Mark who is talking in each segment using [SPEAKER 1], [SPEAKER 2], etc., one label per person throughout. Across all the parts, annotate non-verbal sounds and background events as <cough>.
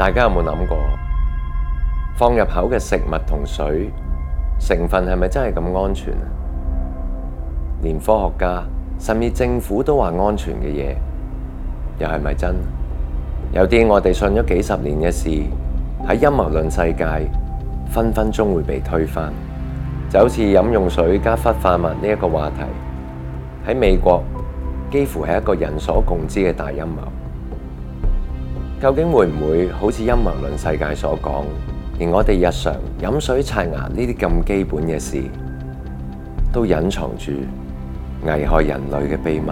[SPEAKER 1] 大家有冇諗過，放入口嘅食物同水成分係咪真係咁安全啊？連科學家甚至政府都話安全嘅嘢，又係咪真的？有啲我哋信咗幾十年嘅事，喺陰謀論世界，分分鐘會被推翻。就好似飲用水加氟化物呢個話題，喺美國幾乎係一個人所共知嘅大陰謀。究竟會唔會好似陰謀論世界所講，連我哋日常飲水、擦牙呢啲咁基本嘅事，都隱藏住危害人類嘅秘密？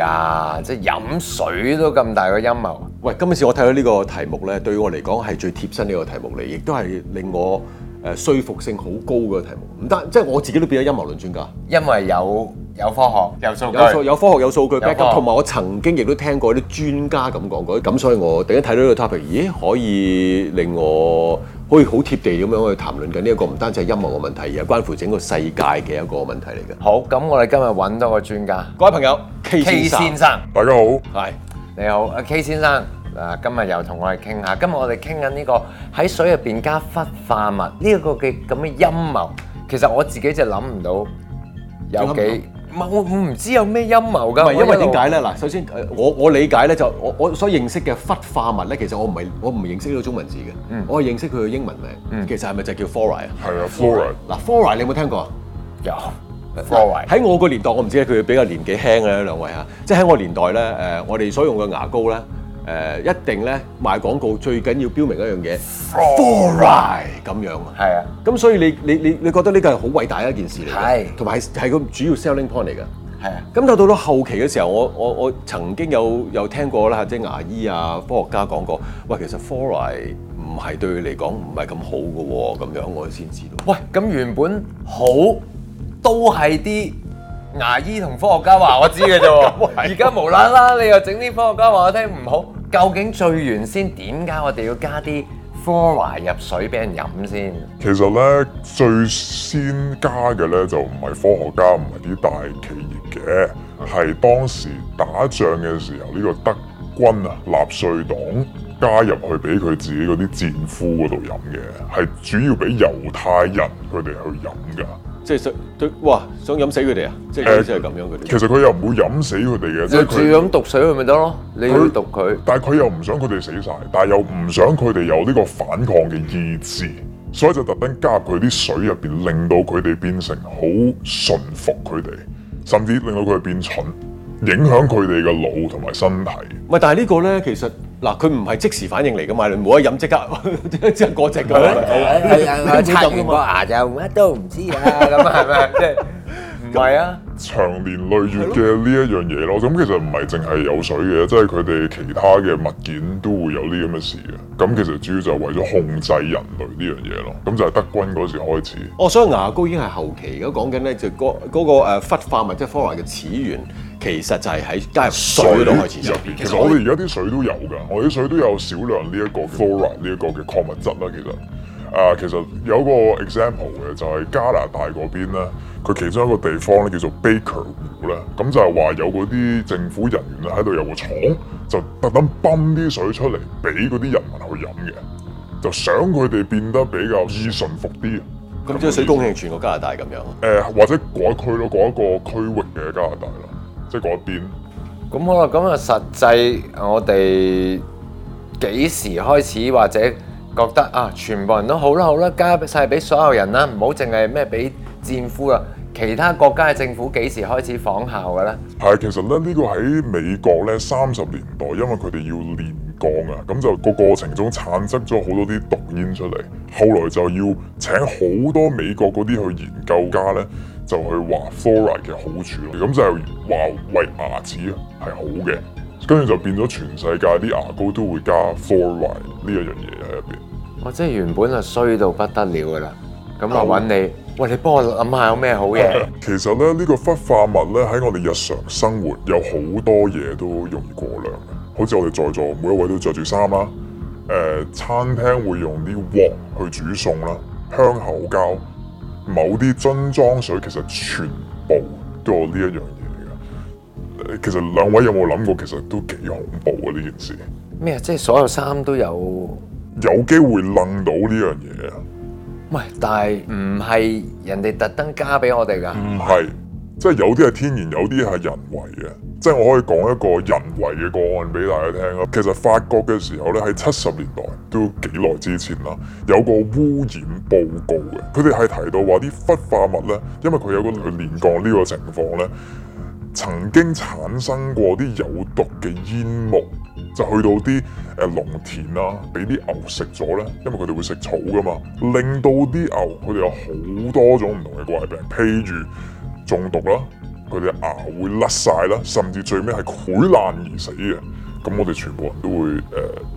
[SPEAKER 2] 啊！即係飲水都咁大嘅陰謀。喂，今次我睇到呢個題目呢，對於我嚟講係最貼身呢個題目嚟，亦都係令我。誒，說服性好高嘅題目，唔得，即係我自己都變咗陰謀論專家，因為有
[SPEAKER 1] 有科學有數據，
[SPEAKER 2] 有科學 up，有數據，同埋我曾經亦都聽過啲專家咁講過，咁所以我第一睇到呢個 topic，咦，可以令我可以好貼地咁樣去談論緊呢一個唔單止係陰謀嘅問題，而係關乎整個世界嘅一個問題嚟嘅。好，咁我哋今日揾多個專家，各位朋友
[SPEAKER 1] ，K 先生，大家好，係，你好，K 先生。哎嗱，今日又同我哋傾下。今日我哋傾緊呢個喺水入邊加氟化物呢一個嘅咁嘅陰
[SPEAKER 2] 謀。其實我自己就諗唔到有幾
[SPEAKER 1] 唔係、嗯嗯嗯、我我唔知有咩陰
[SPEAKER 2] 謀㗎。唔係因為點解咧？嗱，首先我我理解咧，就我我所認識嘅氟化物咧，其實我唔係我唔係認識到中文字嘅、嗯。我係認識佢嘅英文名。嗯、其實係咪就叫 fluoride 啊？係啊 fluoride，嗱 fluoride 你有冇聽過啊？有 fluoride 喺我個年代，我唔知佢比較年紀輕咧，兩位嚇。即係喺我年代咧，誒、嗯，我哋所用嘅牙膏咧。誒一定咧，賣廣告最緊要標明一樣嘢
[SPEAKER 3] ，fluoride
[SPEAKER 2] 咁樣。係啊，咁所以你你你你覺得呢個係好偉大一件事嚟？係，同埋係個主要 selling point 嚟㗎。係啊，咁就到到後期嘅時候，我我我曾經有有聽過啦，即係牙醫啊、科學家講過，喂，其實 fluoride 唔係對佢嚟講唔係咁好嘅喎，咁樣我先知道。喂，咁
[SPEAKER 1] 原本好都係啲牙醫同科學家話我知嘅啫，而
[SPEAKER 3] 家無啦啦
[SPEAKER 1] 你又整啲科學家話我聽唔好。究竟最原先點解我哋要加啲科華入水俾人飲先？
[SPEAKER 3] 其實咧，最先加嘅咧就唔係科學家，唔係啲大企業嘅，係當時打仗嘅時候呢個德軍啊、納粹黨加入去俾佢自己嗰啲戰俘嗰度飲嘅，係主要俾猶太人佢哋去飲㗎。
[SPEAKER 2] 即係想，哇！想飲死佢哋啊！即係先係咁樣佢哋。其實佢
[SPEAKER 3] 又唔會飲死佢哋嘅，即係佢飲毒水佢咪得咯？你毒佢。但係佢又唔想佢哋死晒，但係又唔想佢哋有呢個反抗嘅意志，所以就特登加入佢啲水入邊，令到佢哋變成好順服佢哋，甚至令到佢哋變蠢，影響佢哋嘅腦同埋身體。唔係，但係呢個咧，其實。嗱，佢唔係即時反應嚟嘅嘛，你唔好飲即刻
[SPEAKER 2] 即刻過即嘅。佢擦完個牙就
[SPEAKER 1] 乜都唔知啊，咁啊係咪？即係唔係
[SPEAKER 3] 啊？長年累月嘅呢一樣嘢咯，咁其實唔係淨係有水嘅，即係佢哋其他嘅物件都會有呢咁嘅事嘅。咁其實主要就係為咗控制人類呢樣嘢咯。咁就係德軍嗰時開始。哦，
[SPEAKER 2] 所以牙膏已經係後期如果講緊咧就嗰、是、嗰個誒氟化物即係所謂嘅齒源。其實就係喺加入水度開始入邊。其實我哋而家
[SPEAKER 3] 啲水都有㗎，我啲水都有少量呢一個 fluoride 呢一個嘅礦物質啦。其實啊、呃，其實有個 example 嘅就係、是、加拿大嗰邊咧，佢其中一個地方咧叫做 Baker 湖咧，咁就係、是、話有嗰啲政府人員啊喺度有個廠，就特登泵啲水出嚟俾嗰啲人民去飲嘅，就想佢哋變得比較易順服啲。咁即係水供應全個加拿大咁樣？誒、呃，或者改區咯，改一個區域嘅加拿大咯。即係嗰邊咁好啦，咁啊實際我哋幾時
[SPEAKER 1] 開始或者覺得啊，全部人都好啦好啦，交晒俾所有人啦，唔好淨係咩俾戰俘啊，其他國家嘅政府幾時開始仿效嘅咧？
[SPEAKER 3] 係其實咧呢個喺美國咧三十年代，因為佢哋要煉鋼啊，咁就個過程中產生咗好多啲毒煙出嚟，後來就要請好多美國嗰啲去研究家咧。就去話 fluoride 嘅好處咯，咁就係話為牙齒係好嘅，跟住就變咗全世界啲牙膏都會加 fluoride 呢一樣嘢喺入邊。我真係原本就衰到不得了噶啦，咁啊揾你，
[SPEAKER 1] 喂、嗯、你幫我諗下有咩好嘢、啊。
[SPEAKER 3] 其實咧，呢、個氟化物咧喺我哋日常生活有好多嘢都容易過量，好似我哋在座每一位都着住衫啦，誒、呃、餐廳會用啲鍋去煮餸啦，香口膠。某啲樽裝水其實全部都有呢一樣嘢嚟㗎，其實兩位有冇諗過，其實都幾恐怖啊呢件事。咩啊？即係所有衫都有，有機會掹到呢樣嘢啊？唔係，但係唔係人哋特登加俾我哋㗎？唔係。即係有啲係天然，有啲係人為嘅。即係我可以講一個人為嘅個案俾大家聽啦。其實法國嘅時候咧，喺七十年代都幾耐之前啦，有個污染報告嘅。佢哋係提到話啲氟化物咧，因為佢有個連降呢個情況咧，曾經產生過啲有毒嘅煙霧，就去到啲誒農田啦，俾啲牛食咗咧，因為佢哋會食草噶嘛，令到啲牛佢哋有好多種唔同嘅怪病，譬如，中毒啦，佢哋牙會甩晒啦，甚至最尾係潰爛而死嘅。咁我哋全部人都會誒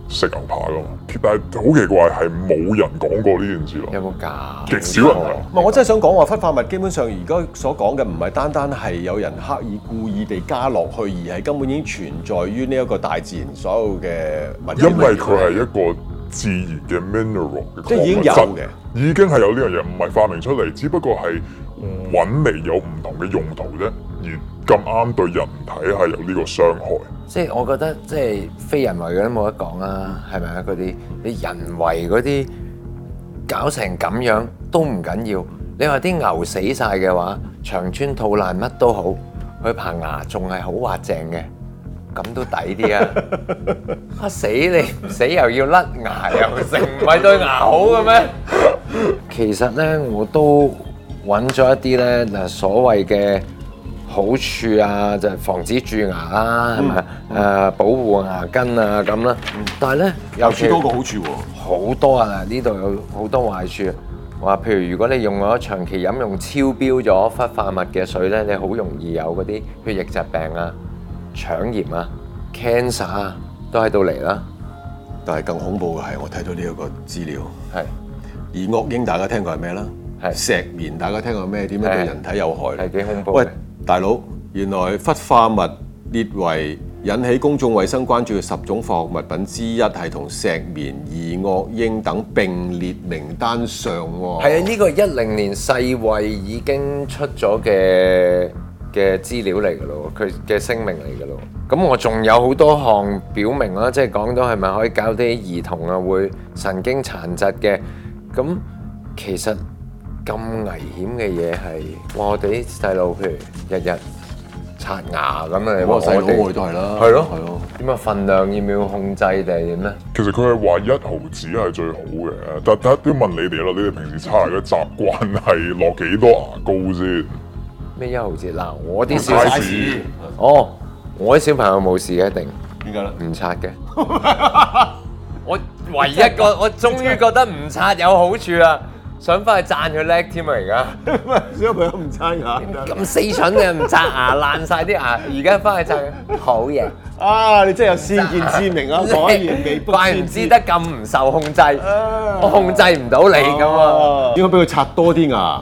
[SPEAKER 3] 食、呃、牛排噶嘛，但係好奇怪係冇人講過呢件事咯。有冇假？極少人講。
[SPEAKER 2] 唔係，我真係想講話，氟化物基本上而家所講嘅唔係單單係有人刻意故意地加落去，而係根本已經存在於呢一個大自然所有嘅物，物。因為佢係一
[SPEAKER 3] 個自然嘅 mineral，的即係已經有嘅，已經係有呢樣嘢，唔係發明出嚟，只不過係。搵嚟，有唔同嘅用途啫，而咁啱對人體係有呢個傷害。
[SPEAKER 1] 即係我覺得即係非人為嘅都冇得講啦，係咪啊？嗰啲你人為嗰啲搞成咁樣都唔緊要。你話啲牛死晒嘅話，腸穿肚爛乜都好，佢棚牙仲係好滑淨嘅，咁都抵啲啊！啊死你死又要甩牙又剩，唔係對牙好嘅咩？其實咧，我都。揾咗一啲咧，嗱所謂嘅好處啊，就係、是、防止蛀牙啊，係、嗯、嘛？誒、嗯，保護牙根啊，咁、嗯、啦。但係咧，有幾多個好處喎？好多啊！呢度有好多壞處。話譬如如果你用咗長期飲用超標咗氟化物嘅水咧，你好容易有嗰啲血液疾病啊、
[SPEAKER 2] 腸炎啊、cancer 啊都喺度嚟啦。但係更恐怖嘅係，我睇到呢一個資料。係。而惡英大家聽過係咩啦？石棉，大家聽過咩？點樣對人體有害？係幾恐怖？喂，大佬，原來氟化物列為引起公眾衞生關注嘅十種化學物品之一，係同石棉、二惡英等並列名單上喎。係啊，呢個一零年
[SPEAKER 1] 世衞已經出咗嘅嘅資料嚟㗎咯，佢嘅聲明嚟㗎咯。咁我仲有好多項表明啦，即係講到係咪可以搞啲兒童啊會神經殘疾嘅咁，其實。咁危險嘅嘢係，哇！我哋啲細路，譬如日日刷牙咁啊、嗯，我細
[SPEAKER 3] 佬妹都係啦，係咯係咯。點樣？份量要唔要控制定係點咧？其實佢係話一毫子係最好嘅， <laughs> 但係都要問你哋咯。你哋平時刷牙嘅習慣係落幾多牙膏先？
[SPEAKER 1] 咩一毫子嗱？我啲小細子， <laughs> 哦，我啲小朋友冇事嘅一定。點解咧？唔刷嘅。我唯一個， <laughs> 我終於覺得唔刷有好處啦。想翻去讚佢叻添啊！而家唔係小朋友唔齋 <laughs> 牙，咁死蠢嘅唔齋牙爛晒啲牙，而家翻去齋牙好型
[SPEAKER 2] 啊！你真係有先見之明啊！果然！怪唔知得咁唔受控制，啊、我控制唔到你咁啊！應該俾佢刷多啲牙，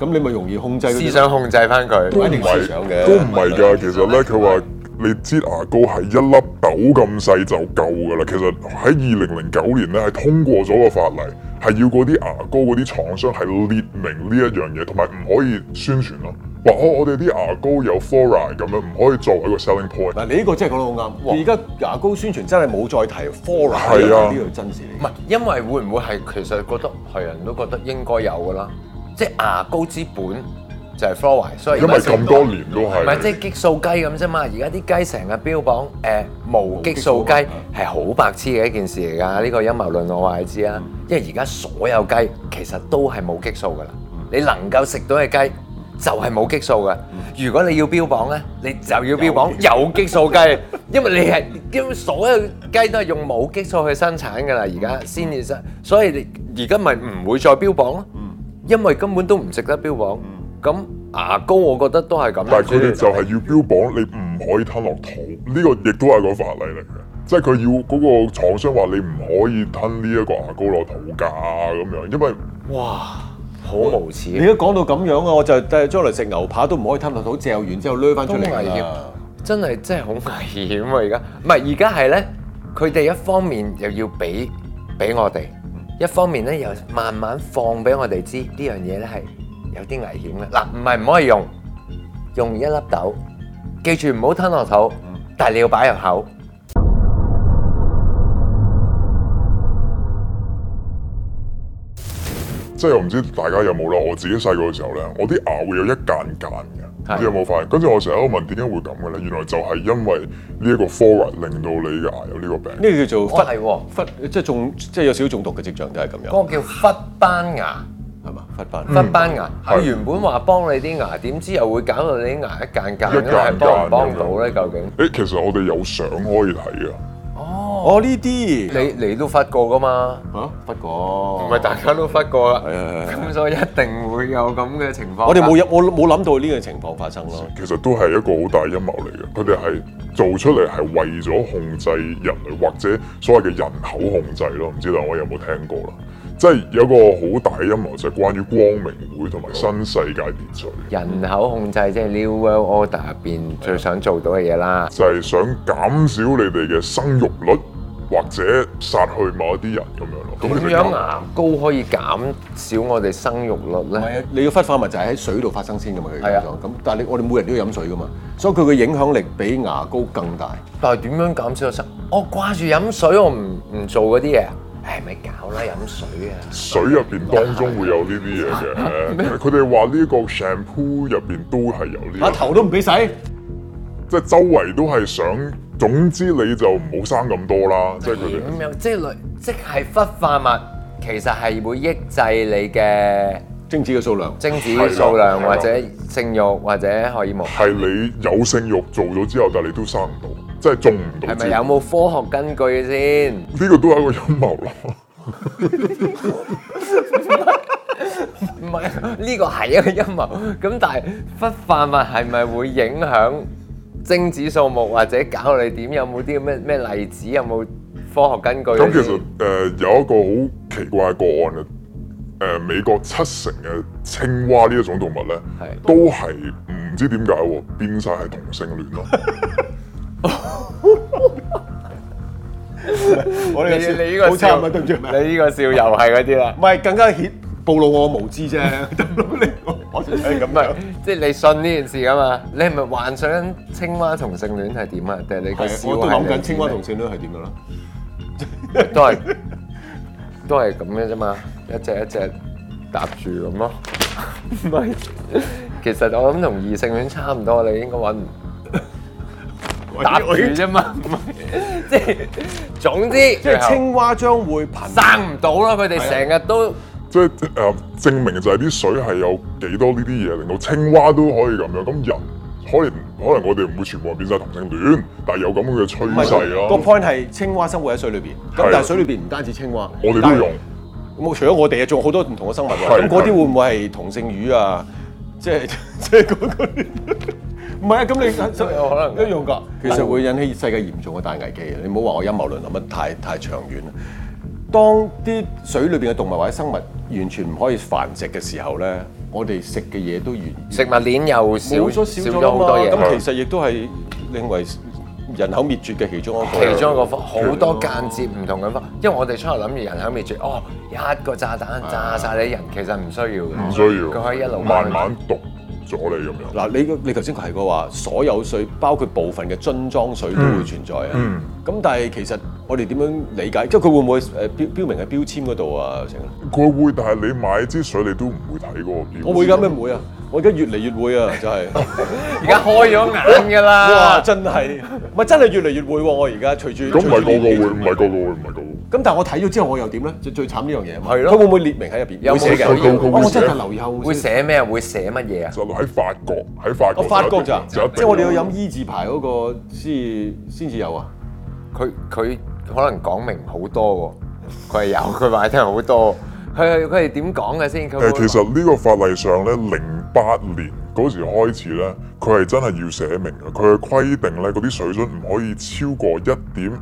[SPEAKER 1] 咁你咪容易控制。思想控制翻佢，都唔嘅。都唔係
[SPEAKER 3] 㗎。其實咧，佢話你擠牙膏係一粒豆咁細就夠㗎啦。其實喺二零零九年咧，係通過咗個法例。係要嗰啲牙膏嗰啲廠商係列明呢一樣嘢，同埋唔可以宣傳咯。話哦，我哋啲牙膏有 fluoride 咁樣，唔可以作為一個 selling point。
[SPEAKER 2] 嗱，你呢個真係講得好啱。而家牙膏宣傳真係冇再提 fluoride 呢個真事。
[SPEAKER 1] 唔係，因為會唔會係其實覺得係人都覺得應該有噶啦，即係牙膏之本。就係 follow，所以因為咁多年都係唔係即係激素雞咁啫嘛？而家啲雞成日標榜誒無激素雞係好白痴嘅一件事嚟㗎。呢個陰謀論我話你知啊。因為而家所有雞其實都係冇激素㗎啦。你能夠食到嘅雞就係冇激素㗎。如果你要標榜咧，你就要標榜有激素雞，因為你係因為所有雞都係用冇激素去生產㗎啦。而家先至，所以你而家咪唔會再標榜咯，因為根本都唔值得標榜。咁牙膏，我覺得都係咁。但係佢哋就
[SPEAKER 3] 係要標榜你唔可以吞落肚，呢 <laughs> 個亦都係個法例嚟嘅。即係佢要嗰個廠商話你唔可以吞呢一個牙膏落肚㗎咁樣，因為哇，好無恥啊！如果
[SPEAKER 2] 講到咁樣啊，我就即係將來食牛扒都唔可以吞落肚，嚼完之後攞翻出嚟啦！
[SPEAKER 1] 真係真係好危
[SPEAKER 2] 險啊現在！而家唔係而家係咧，佢哋一方面又要俾
[SPEAKER 1] 俾我哋，一方面咧又慢慢放俾我哋知呢樣嘢咧係。有啲危險啦！嗱，唔係唔可以用，用完一粒豆，記住唔好吞落
[SPEAKER 3] 肚，但係你要擺入口。即係我唔知大家有冇咯，我自己細個嘅時候咧，我啲牙會有一間間嘅，你有冇發現？跟住我成日都問點解會咁嘅咧？原來就係因為呢一個 formula 令到你牙有呢個病。呢、哦哦呢個叫做氟氟，即係中即係有少少中毒嘅跡象，都係咁樣。嗰個叫氟斑牙。 <laughs> 係嘛？忽班忽班
[SPEAKER 1] 牙，我原本話幫你啲牙，點知又會搞到你啲牙一間間咁，係幫唔幫到咧？
[SPEAKER 3] 究竟？誒，其實我哋有相可以睇啊。哦，
[SPEAKER 1] 我呢啲你你，你都發過
[SPEAKER 2] 噶嘛？啊，發過。唔係大家都
[SPEAKER 3] 發過啦。係係
[SPEAKER 2] 咁，所以一定會有咁嘅情況。我哋冇入，我冇諗到呢個情況發生
[SPEAKER 3] 咯。其實都係一個好大陰謀嚟嘅，佢哋係做出嚟係為咗控制人類或者所謂嘅人口控制咯，唔知道我有冇聽過啦。即係有一個好大嘅陰謀，就係關於光明會同埋新世界秩序。人口控制即係、嗯就是、New World Order 入邊最想做到嘅嘢啦。就係、是、想減少你哋嘅生育率，或者殺去某一啲人咁樣咯。點樣牙膏可以減少我哋生育率咧？唔係啊，你要氟
[SPEAKER 2] 化物就係喺水度發生先嘅嘛。係啊，咁但係你我哋每人都要飲水噶嘛，所以佢嘅影響力比牙膏更大。但係點樣減少啊？我掛住飲水，我唔唔做嗰啲嘢。誒咪搞啦，飲水
[SPEAKER 3] 啊！水入邊當中會有呢啲嘢嘅。佢哋話呢個 shampoo 入邊都係有呢啲。我頭都唔俾洗，即係周圍都係想。總之你就唔好生咁多啦、嗯。即係佢哋。
[SPEAKER 1] 即係即係氟化物，其實係會抑制你嘅精子嘅數量、精子嘅數量或者
[SPEAKER 3] 性欲，或者可以無。係你有性欲做咗之後，但係你都生唔到。即係中唔到，係咪有冇科學根據先？呢，這個都係一個陰謀咯 <laughs>
[SPEAKER 1] <laughs> 唔係，呢個係一個陰謀。咁但係氟化物係咪會影響精子數目或者搞你點？有冇啲咩咩例子？有冇科學根據？咁其實
[SPEAKER 3] 誒、呃、有一個好奇怪個案嘅誒、呃、美國七成嘅青蛙呢一種動物咧，都係唔知點解變晒係同性戀咯。 <laughs>
[SPEAKER 2] 我你呢個笑，你呢個笑又係嗰啲啦。唔係更加顯暴露我無知啫。咁樣，
[SPEAKER 1] 即係你信呢件事㗎嘛？你係咪幻想青蛙同性戀係點啊？定係你講笑話？我都諗緊青蛙同
[SPEAKER 2] 性戀係點嘅咯。
[SPEAKER 1] 都係都係咁嘅啫嘛，一隻一隻搭住咁咯。唔係，其實我諗同異性戀差唔多，你應該揾唔打住啫嘛，即 <laughs> 係 <laughs> 總之，即係青
[SPEAKER 2] 蛙將會
[SPEAKER 1] 繁殖唔到啦。佢哋成日都
[SPEAKER 3] 即係誒，證明就係啲水係有幾多呢啲嘢，令到青蛙都可以咁樣。咁人可能可能我哋唔會全部變晒同性戀，但係有咁嘅趨勢啦。個
[SPEAKER 2] point 係青蛙生活喺水裏邊，咁但係水裏邊唔單止青蛙，我哋都用。咁除咗我哋啊，仲好多唔同嘅生物。咁嗰啲會唔會係同性魚啊？即係即係嗰個。 <laughs> 唔係啊！咁你真係可能一樣㗎。其實會引起世界嚴重嘅大危機。你唔好話我陰謀論諗得太太長遠啦。當啲水裏邊嘅動物或者生物完全唔可以繁殖嘅時候咧，我哋食嘅嘢都完，食物鏈又少少咗好多嘢。咁、嗯、其實亦都係認為人口滅絕嘅其中一個方法。其中一個好多
[SPEAKER 1] 間接唔同嘅方法的。因為我哋出嚟諗住人口滅絕，哦，一個炸彈炸晒你啲人的，其實唔需要的。嘅。唔需要。佢可以一路
[SPEAKER 3] 慢慢
[SPEAKER 2] 讀。左你咁樣嗱，你你頭先提過話，所有水包括部分嘅樽裝水都會存在啊。咁、嗯嗯、但係其實我哋點樣理解？即係佢會唔會誒標
[SPEAKER 3] 標明喺標籤嗰度啊？成？佢會，但係你買支水你都唔會睇嗰個標。我會㗎咩唔會啊？我而家越嚟越會啊！就係而家
[SPEAKER 2] 開咗眼㗎啦！真係咪真係越嚟越會喎？我而家隨住咁，唔係個個會
[SPEAKER 3] 唔係個個會唔係個。
[SPEAKER 2] 咁但係我睇咗之後，我又點咧？就最慘呢樣嘢。係咯。佢會唔會列明喺入邊？有，有寫嘅、哦。我真係留意下會寫咩？會寫乜嘢啊？就喺法國，喺法國、哦。我法國咋？即係我哋要飲伊字牌嗰個先先至有啊。佢佢可能講明好多喎。
[SPEAKER 1] 佢係有，佢話聽好多。佢係佢係點講嘅先？誒，其
[SPEAKER 3] 實呢個法例上咧，零八年嗰時開始咧，佢係真係要寫明嘅。佢嘅規定咧，嗰啲水準唔可以超過一點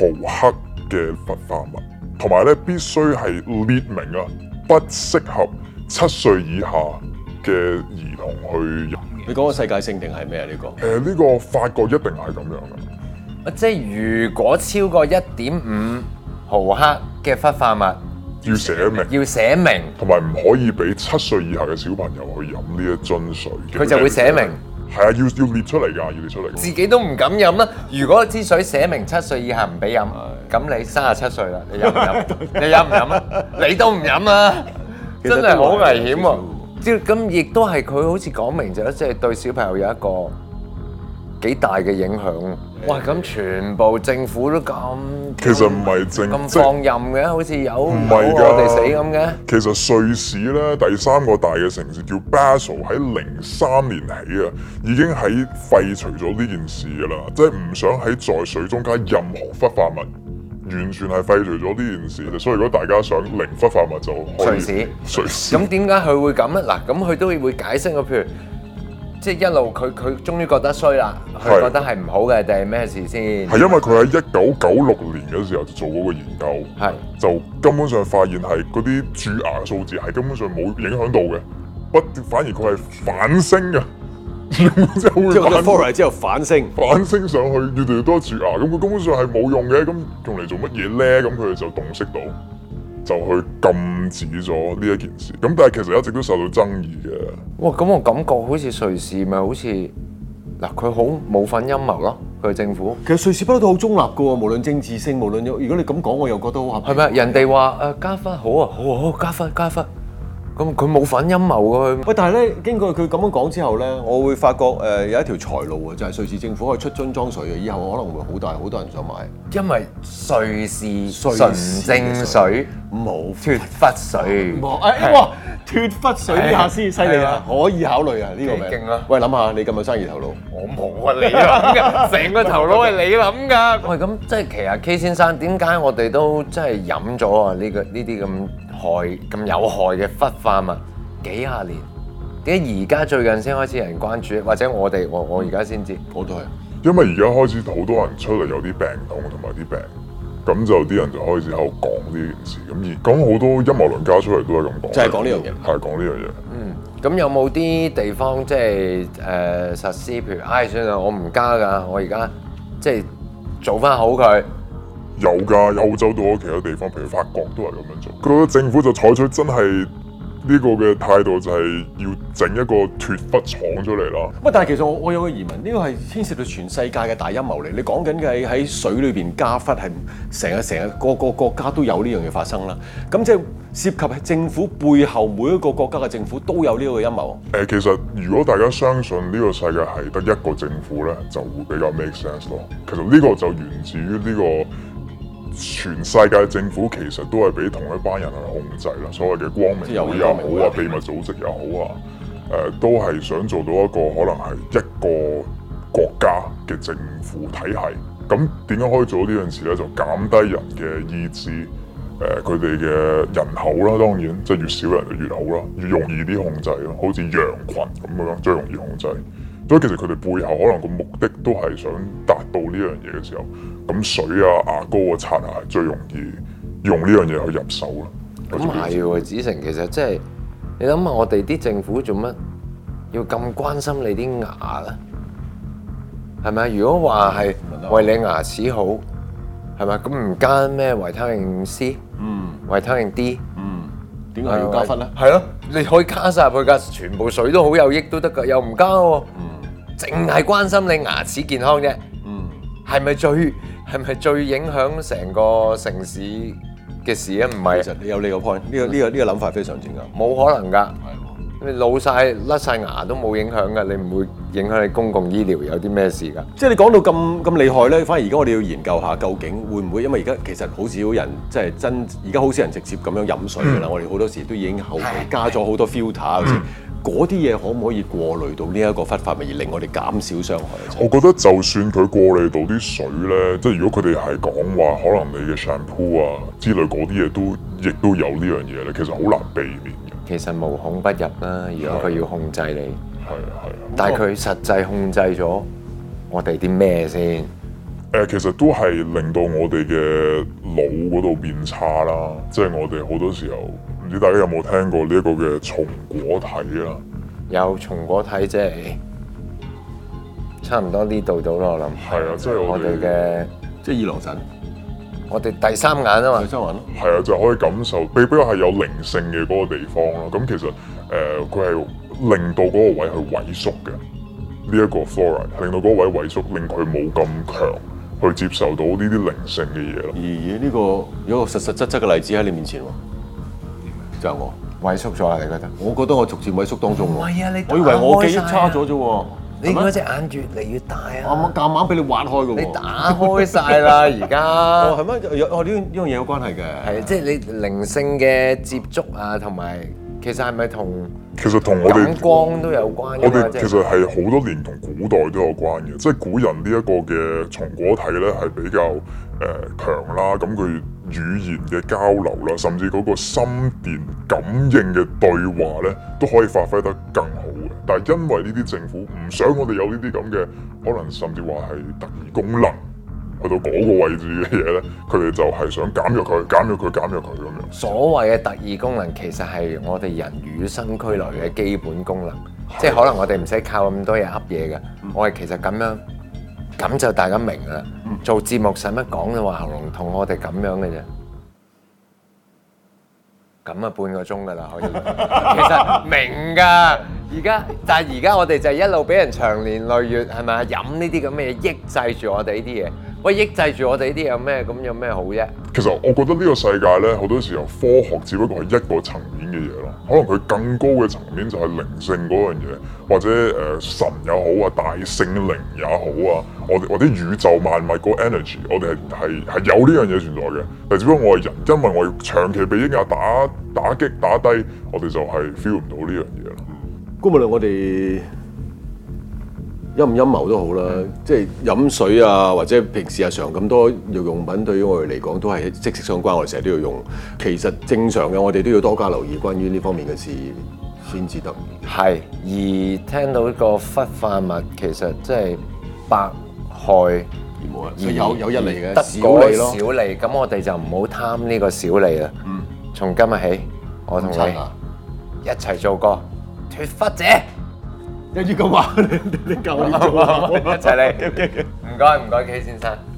[SPEAKER 3] 五毫克嘅氟化物，同埋咧必須係列明啊，不適合七歲以下嘅兒童去飲嘅。你嗰個世界性定係咩啊？呢、這個誒，呢、呃這個法國一定係咁樣嘅。啊，即係如果超過一點五毫克嘅氟化物，要寫明，要寫明，同埋唔可以俾七歲以下嘅小朋友去飲呢一樽水。佢就會寫明。係啊，要要列出嚟㗎，要列出嚟。自己
[SPEAKER 1] 都唔敢飲啦。如果支水寫明七歲以下唔俾飲，咁你三十七歲啦，你飲唔飲？
[SPEAKER 3] 你飲唔飲
[SPEAKER 1] 啊？你都唔飲啦，
[SPEAKER 3] 真係好危險
[SPEAKER 1] 喎。即咁亦都係佢好似講明咗，即係對小朋友有一個幾大嘅影響。哇！咁全部政府都
[SPEAKER 3] 咁，其實唔係政咁放
[SPEAKER 1] 任嘅，好似有唔係我哋死咁嘅。
[SPEAKER 3] 其實瑞士咧，第三個大嘅城市叫 Basel 喺零三年起啊，已經喺廢除咗呢件事㗎啦，即係唔想喺在，在水中加任何氟化物，完全係廢除咗呢件事。所以如果大家想零氟化物就瑞士，瑞士。咁點解佢會咁啊？嗱，
[SPEAKER 1] 咁佢都會解釋嘅，譬如。即係一路佢，佢佢終於覺得衰啦，佢覺得係唔好嘅定係咩事先？係因為
[SPEAKER 3] 佢喺一九九六年嘅時候就做嗰個研究，係就根本上發現係嗰啲蛀牙嘅數字係根本上冇影響到嘅，不，反而佢係反升嘅，即係好反升。跌嚟之後反升，反升上去越嚟越多蛀牙，咁佢根本上係冇用嘅，咁用嚟做乜嘢咧？咁佢哋就洞悉到。就去禁止咗呢一件事，咁但係其實一直都受到爭議嘅。哇，咁我感覺好似瑞士咪好似嗱，佢好冇份陰
[SPEAKER 1] 謀
[SPEAKER 2] 咯，佢政府。其實瑞士不嬲都好中立㗎喎，無論政治性，無論如果你咁講，我又覺得好合理。係咪人哋話誒加氟好啊，好啊，好啊加氟。加氟。咁佢冇反陰謀噶佢。喂，但係咧，經過佢咁樣講之後咧，我會發覺誒、呃、有一條財路啊，就係、是、瑞士政府可以出樽裝水啊。以後可能會好大，好多人想買。
[SPEAKER 1] 因為瑞士純正
[SPEAKER 2] 水冇脫氟水。冇誒、哎、哇！脫氟水啲客先犀利啊，可以考慮啊，呢、呢個名。勁啊！喂，諗下你咁有生意頭腦。我冇啊。你諗啊！
[SPEAKER 1] 成個頭腦係 <laughs> 你諗想㗎。 <laughs> 喂，咁即係其實 K 先生點解我哋都真係飲咗啊？呢個呢啲咁。害咁有害嘅氟化物幾十年，點解而家最近先開始有人關注？或者我哋我我而家先知，好多係，
[SPEAKER 3] 因為而家開始好多人出嚟有啲病痛同埋啲病，咁就啲人就開始喺度講呢件事，咁而咁好多陰謀論加出嚟都係咁，就係講呢樣嘢，係講呢樣嘢。嗯，
[SPEAKER 1] 咁、嗯、有冇啲地方即係誒、呃、實施？譬如唉、哎、算啦，我唔加㗎，我
[SPEAKER 3] 而家即係做返好佢。有噶，歐洲到其他地方，譬如法國都係咁樣做的。佢政府就採取真係呢個嘅態度，就係要整一個脫氟廠出嚟啦。
[SPEAKER 2] 喂，但係其實我我有個疑問，呢個係牽涉到全世界嘅大陰謀嚟。你講緊嘅係喺水裏邊加氟，係成日成日個個國家都有呢
[SPEAKER 3] 樣嘢發生啦。
[SPEAKER 2] 咁即係涉及係政府背後每一個國家嘅政府都有呢個陰謀。
[SPEAKER 3] 誒，其實如果大家相信呢個世界係得一個政府咧，就會比較 make sense 咯。其實呢個就源自於呢個。全世界政府其實都係俾同一班人去控制啦，所謂嘅光明會又好啊，秘密組織又好啊，誒、呃、都係想做到一個可能係一個國家嘅政府體系。咁點解可以做到件呢樣事咧？就減低人嘅意志，誒佢哋嘅人口啦，當然即係越少人就越好啦，越容易啲控制咯，好似羊群咁樣最容易控制。所以其實佢哋背後可能個目的都係想達到呢樣嘢嘅時候，咁水啊牙膏啊刷牙最容易用呢樣嘢去入手啦。咁係喎，子誠其實即係你諗下，我哋啲政
[SPEAKER 1] 府做乜要咁關心你啲牙咧？係咪？如果話係為你牙齒好，係咪？咁唔加咩維他命 C，嗯，維他命 D，嗯，點解要加氟咧？係咯、啊，你可以加晒入去噶，全部水都好有益都得噶，又唔加喎。嗯淨係關心你牙齒健康啫，嗯，係咪最係咪最影響成個城市嘅事咧？唔係，其實你有你個 point,、這個 point，呢、這個呢、這個呢個諗法非常正確，冇可能噶，你老
[SPEAKER 2] 晒甩晒牙都冇影響噶，你唔會影響你公共醫療有啲咩事噶？即係你講到咁咁厲害咧，反而而家我哋要研究下，究竟會唔會？因為而家其實好少人即係、就是、真，而家好少人直接咁樣飲水噶啦、嗯，我哋好多時都已經後加咗好多 filter、嗯
[SPEAKER 3] 嗰啲嘢可唔可以過濾到呢一個
[SPEAKER 2] 忽發，而令我哋減少傷害？
[SPEAKER 3] 我覺得就算佢過濾到啲水咧，即係如果佢哋係講話，可能你嘅 shampoo 啊之類嗰啲嘢都亦都有呢樣嘢咧，其實好難避免嘅。其實無孔不入啦，如果佢要控制你，係啊係啊，但係佢實際控制咗我哋啲咩先？誒、呃，其實都係令到我哋嘅腦嗰度變差啦，即係我哋好多時候。唔知大家有冇聽過呢一個嘅松果體，果體、就是欸、啊？有松果體即係差唔多呢度度啦，我諗係啊，即係我哋嘅即係二郎神，我哋第，第三眼啊嘛，係啊，就可以感受佢比較係有靈性嘅嗰個地方咯。咁其實誒，佢、呃、係令到嗰個位去萎縮嘅呢一個 fluoride 令到嗰個位萎縮，令佢冇咁強去接受到呢啲靈性嘅嘢咯。而、欸、呢、欸這個有一個實實質
[SPEAKER 2] 質嘅例子喺你面前。就是、我萎縮咗嚟噶，我覺得我逐漸萎縮當中喎。係啊，你打了我以為我記憶差咗啫喎。你嗰隻眼越嚟越大啊！啱啱夾硬俾你挖開嘅。你打開
[SPEAKER 1] 晒啦，而 <laughs> 家。
[SPEAKER 2] 哦，係咩？哦、啊，呢呢樣嘢有關係嘅。係，
[SPEAKER 1] 即係你靈性嘅接觸啊，同埋其實係咪同
[SPEAKER 3] 其實同我哋眼光，
[SPEAKER 1] 光都有關，啊？我哋其實係
[SPEAKER 3] 好多年同古代都有關嘅，即係古人呢一個嘅松果體咧係比較誒強啦。咁佢。語言嘅交流啦，甚至嗰個心電感應嘅對話咧，都可以發揮得更好嘅。但係因為呢啲政府唔想我哋有呢啲咁嘅，可能甚至話係特異功能，去到嗰個位置嘅嘢咧，佢哋就係想減弱佢，減弱佢，減弱佢咁樣。所
[SPEAKER 1] 謂嘅特異功能，其實係我哋人與生俱來嘅基本功能，即係可能我哋唔使靠咁多嘢噏嘢嘅。我哋其實咁樣，咁就大家明啦。做節目使乜講就話喉嚨痛？我哋咁樣嘅啫，咁啊半個鐘噶啦，可以。其實明㗎，而家但係而家我哋就一路俾人長年累月係咪啊飲呢啲咁嘅嘢，抑制住我哋呢啲嘢。喂，抑制住我哋呢啲有咩？咁有咩好啫？
[SPEAKER 3] 其實我覺得呢個世界咧，好多時候科學只不過係一個層面嘅嘢咯。可能佢更高嘅層面就係靈性嗰樣嘢，或者誒、呃、神又好啊，大聖靈也好啊，我哋或者宇宙萬物嗰 energy，我哋係係係有呢樣嘢存在嘅，但只不過我係人，因為我長期被影響打打擊打低，我哋就係 feel 唔到呢樣嘢咯。嗯，咁無論我哋。陰唔陰謀都好啦，即係飲
[SPEAKER 2] 水啊，或者平時日常咁多藥用品，對於我哋嚟講都係息息相關。我哋成日都要用，其實正常嘅我哋都要多加留意關於呢方面嘅事先至得。係、嗯，而聽到呢個氟化物，其實即係百
[SPEAKER 1] 害而無有有一利嘅小利咯。咁我哋就唔好貪呢個小利啦。嗯，從今日起，我同你一齊做個脫氟者。一於咁話你，你夠啦嘛？好好好，你我一齊。好好，一齊嚟，唔該唔該，K 先生。